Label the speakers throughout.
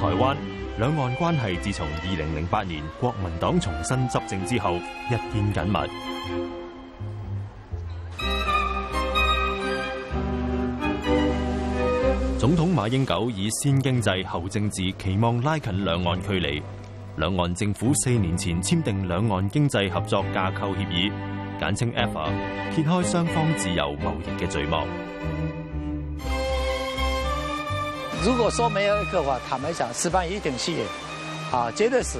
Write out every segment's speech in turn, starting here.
Speaker 1: 台灣兩岸關係自從二零零八年國民黨重新執政之後，一見緊密。總統馬英九以先經濟後政治，期望拉近兩岸距離。兩岸政府四年前簽訂兩岸經濟合作架構協議，簡稱 ECFA，揭開雙方自由貿易嘅序幕。
Speaker 2: 如果說沒有一個話，坦白講，失敗一定係，啊，絕對是。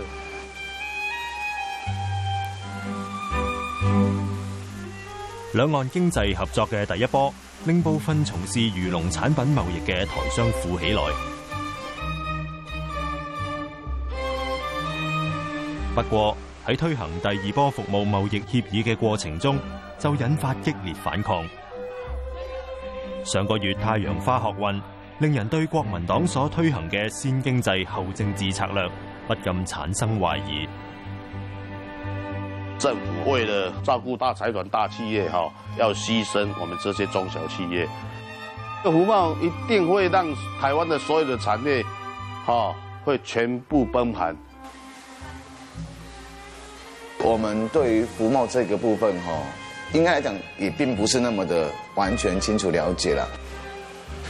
Speaker 1: 兩岸經濟合作嘅第一波，令部分從事漁農產品貿易嘅台商富起來。不過喺推行第二波服務貿易協議嘅過程中，就引發激烈反抗。上個月太陽花學運。令人對國民黨所推行的先經濟後政治策略不禁
Speaker 3: 產生懷疑。政府為了照顧大財團、大企業，哈，要犧牲我們這些中小企業。個服貿一定會讓台灣的所有的產業，哈，會全部崩盤。
Speaker 4: 我們對於服貿這個部分，哈，應該來講也並不是那麼的完全清楚了解了。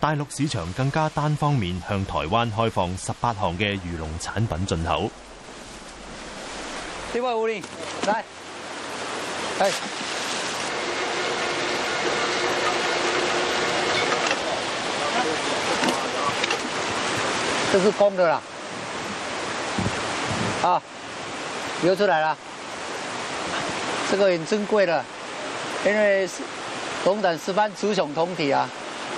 Speaker 1: 大陸市場更加單方面向台灣開放十八項嘅漁農產品進
Speaker 2: 口。點位胡連，嚟，嚟。這是公的啦，啊，流出來啦，這個很珍貴的，因為龍膽石斑雌雄同體啊。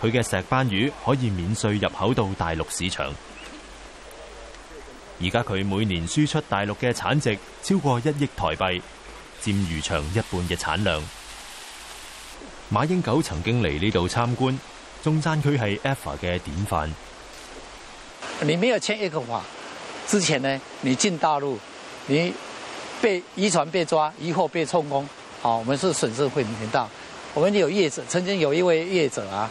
Speaker 1: 佢嘅石斑魚可以免稅入口到大陸市場。而家佢每年輸出大陸嘅產值超過一億台幣，佔漁場一半嘅產量。馬英九曾經嚟呢度參觀，中山區係 ECFA
Speaker 2: 嘅典範。你沒有簽 ECFA 之前呢，你進大陸，你被漁船被抓，漁貨被充公，我們是損失會很大。我們有業者，曾經有一位業者啊。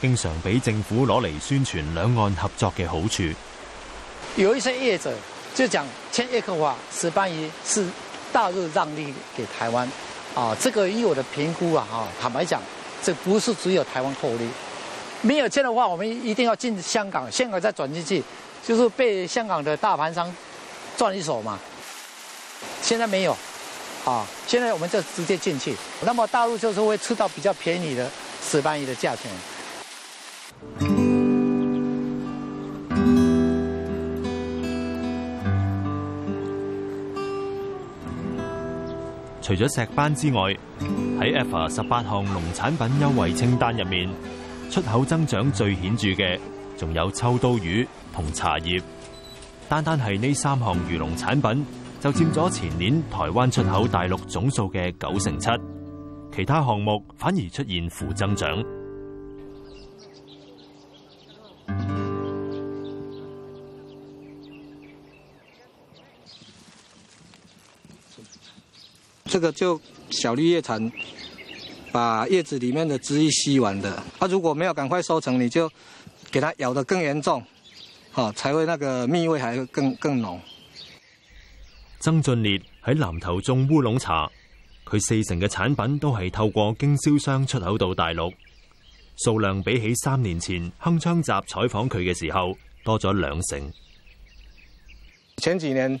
Speaker 1: 經常俾政府攞嚟宣傳兩岸合作嘅好處。
Speaker 2: 有一些業者就講，簽呢個話石斑魚是大陸讓利給台灣，啊，這個以我的評估啊，哈，坦白講，這不是只有台灣獲利。沒有簽的話，我們一定要進香港，香港再轉進去，就是被香港的大盤商賺一手嘛。現在沒有，啊，現在我們就直接進去，那麼大陸就是會吃到比較便宜的石斑魚的價錢。
Speaker 1: 除咗石斑之外，喺 ECFA 十八項農產品優惠清單入面，出口增長最顯著嘅，仲有秋刀魚同茶葉。單單係呢三項漁農產品，就佔咗前年台灣出口大陸總數嘅九成七。其他項目反而出現負增長。
Speaker 5: 這個就小綠葉蟬，把葉子裏面的汁液吸完的。啊，如果沒有趕快收成，你就給它咬得更嚴重，才會那個蜜味還會更更濃。
Speaker 1: 曾俊烈喺南投種烏龍茶，佢四成嘅產品都係透過經銷商出口到大陸，數量比起三年前鏗鏘集採訪佢嘅時候多咗兩成。
Speaker 5: 前幾年。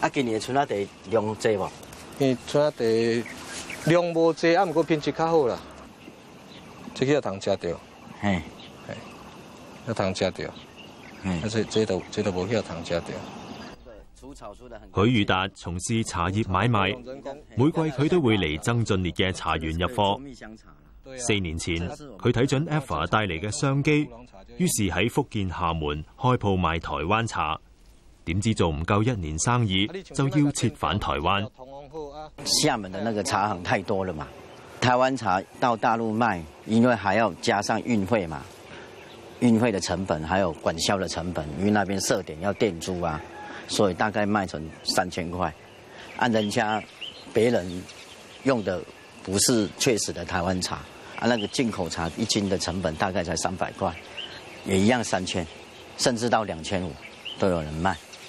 Speaker 6: 啊！今年春茶
Speaker 5: 地量多，春茶地量冇多，啊唔過品質較好啦，即有糖食到，係係是有糖食到，係即即度即度冇糖食到。
Speaker 1: 許裕、嗯、達從事茶葉買賣，每季佢都會嚟曾俊烈嘅茶園入貨。四年前，佢睇準 ECFA 帶嚟嘅商機，於是喺福建廈門開鋪賣台灣茶。點知做唔夠一年生意就要撤返台灣。
Speaker 6: 廈門的那個茶行太多了嘛，台灣茶到大陸賣，因為還要加上運費嘛，運費的成本，還有管銷的成本，因為那邊設點要店租啊，所以大概賣成三千塊。按人家別人用的不是確實的台灣茶，啊，那個進口茶一斤的成本大概才三百塊，也一樣三千，甚至到兩千五都有人賣。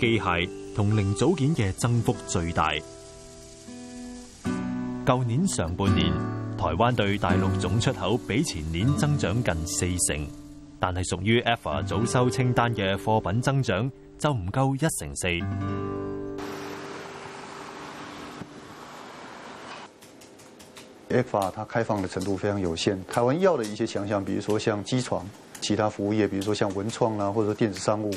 Speaker 1: 機械同零組件嘅增幅最大。舊年上半年，台灣對大陸總出口比前年增長近四成，但係屬於 ECFA 早收清單嘅貨品增長就唔夠一成四。
Speaker 2: ECFA 它開放的程度非常有限，台灣要嘅一些強項，比如說像機牀、其他服務業，比如說像文創啦、啊，或者電子商務。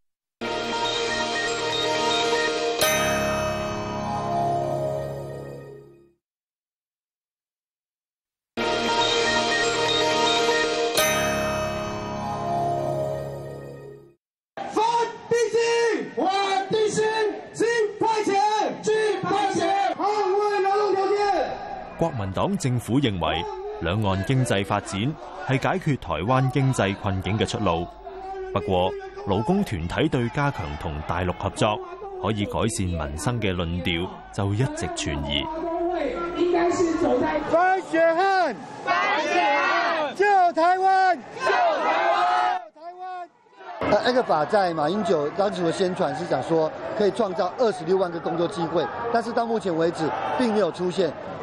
Speaker 1: 黨政府認為兩岸經濟發展係解決台灣經濟困境嘅出路。不過勞工團體對加強同大陸合作可以改善民生嘅論調就一直
Speaker 3: 存疑。
Speaker 4: 應該先做，快住去！救台灣！救台
Speaker 7: 灣！救
Speaker 3: 台灣！台
Speaker 2: 灣！ECFA 在馬英九當時嘅宣傳是想說可以創造二十六萬個工作機會，但是到目前為止並沒有出現。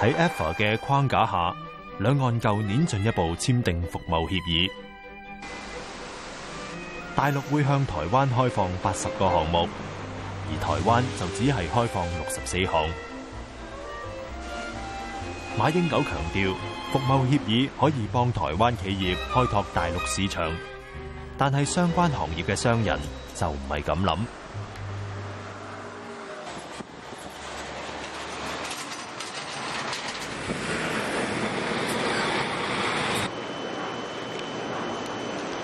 Speaker 1: 喺 ECFA 嘅框架下，兩岸舊年進一步簽訂服務協議，大陸會向台灣開放八十個項目，而台灣就只係開放六十四項。馬英九強調，服務協議可以幫台灣企業開拓大陸市場，但係相關行業嘅商人就唔係咁諗。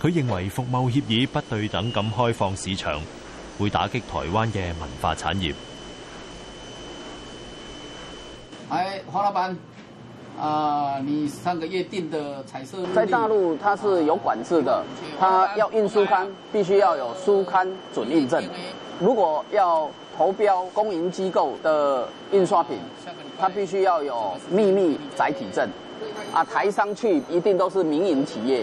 Speaker 1: 佢認為服貿協議不對等咁開放市場，會打擊台灣嘅文化產業。
Speaker 8: 哎，黃老闆，啊，你上個月訂的彩色在大陸，它是有管制的，它要印書刊必須要有書刊准印證。如果要投標公營機構的印刷品，它必須要有秘密載體證。啊，台商去一定都是民營企業。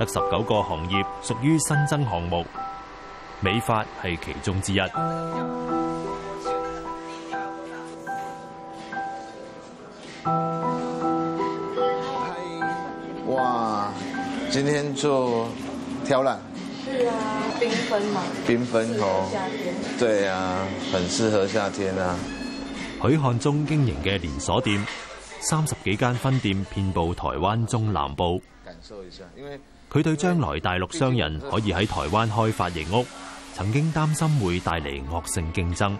Speaker 1: 得十九個行業屬於新增項目，美髮係其中之
Speaker 4: 一。哇！今天做挑染？是啊，繽紛嘛。繽紛哦，夏天，對啊，很適合夏天啊。
Speaker 1: 許漢中經營嘅連鎖店，三十幾間分店遍佈台灣中南部。
Speaker 7: 感受一下，因為。
Speaker 1: 佢對將來大陸商人可以喺台灣開髮型屋，曾經擔心會帶嚟惡性競爭。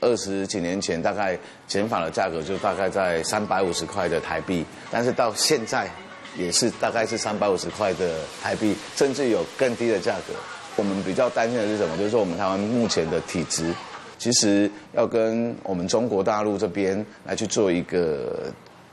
Speaker 4: 二十幾年前，大概簡房嘅價格就大概在三百五十塊嘅台幣，但是到現在也是大概是三百五十塊嘅台幣，甚至有更低嘅價格。我們比較擔心嘅係什麼？就是我們台灣目前嘅體質，其實要跟我們中國大陸呢邊嚟去做一個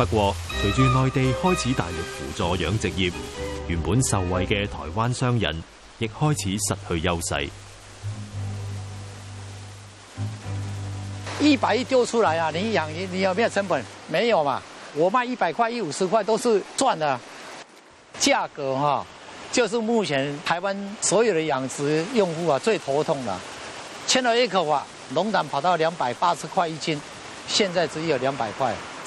Speaker 1: 不過，隨住內地開始大力輔助養殖業，原本受惠嘅台灣商人亦開始失去優勢。
Speaker 2: 一百一丟出來啊！你養魚你有沒有成本？沒有嘛？我賣一百塊一五十塊都是賺的。價格哈，就是目前台灣所有嘅養殖用戶啊最頭痛的。簽了一口啊，龍膽跑到兩百八十塊一斤，現在只有兩百塊。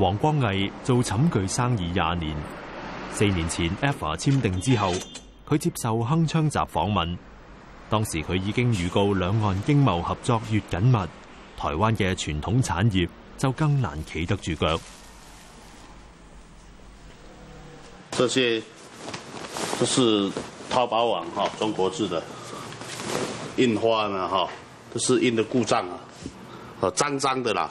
Speaker 1: 黃光毅做寢具生意廿年，四年前 ECFA 簽訂之後，佢接受鏗鏘集訪問。當時佢已經預告，兩岸經貿合作越緊密，台灣嘅傳統產業就更難企得住腳。
Speaker 3: 這些，這是淘寶網哈，中國製的印花啊，哈，都是印的故障啊，哦，髒髒的啦。